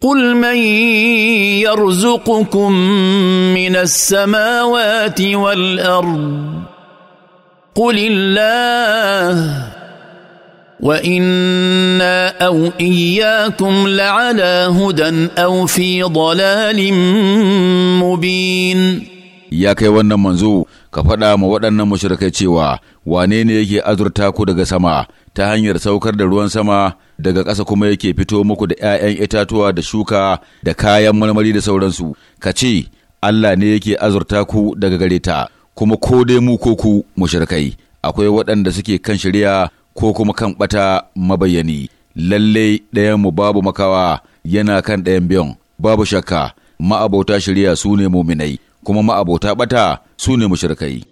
قل من يرزقكم من السماوات والارض قل الله وانا او اياكم لعلى هدى او في ضلال مبين يا كي منزو ka faɗa ma waɗannan mashirkai cewa wane ne yake azurta ku daga sama ta hanyar saukar da ruwan sama daga ƙasa kuma yake fito muku da ‘ya'yan itatuwa da shuka da kayan marmari da sauransu ka ce Allah ne yake azurta ku daga gare ta kuma ko dai mu ko ku mashirkai akwai waɗanda suke kan shirya ko kuma kan ɓata mabayani lalle ɗayan mu babu makawa yana kan ɗayan biyan babu shakka ma'abauta shirya su ne muminai kuma ma'abota bata su ne mushrikai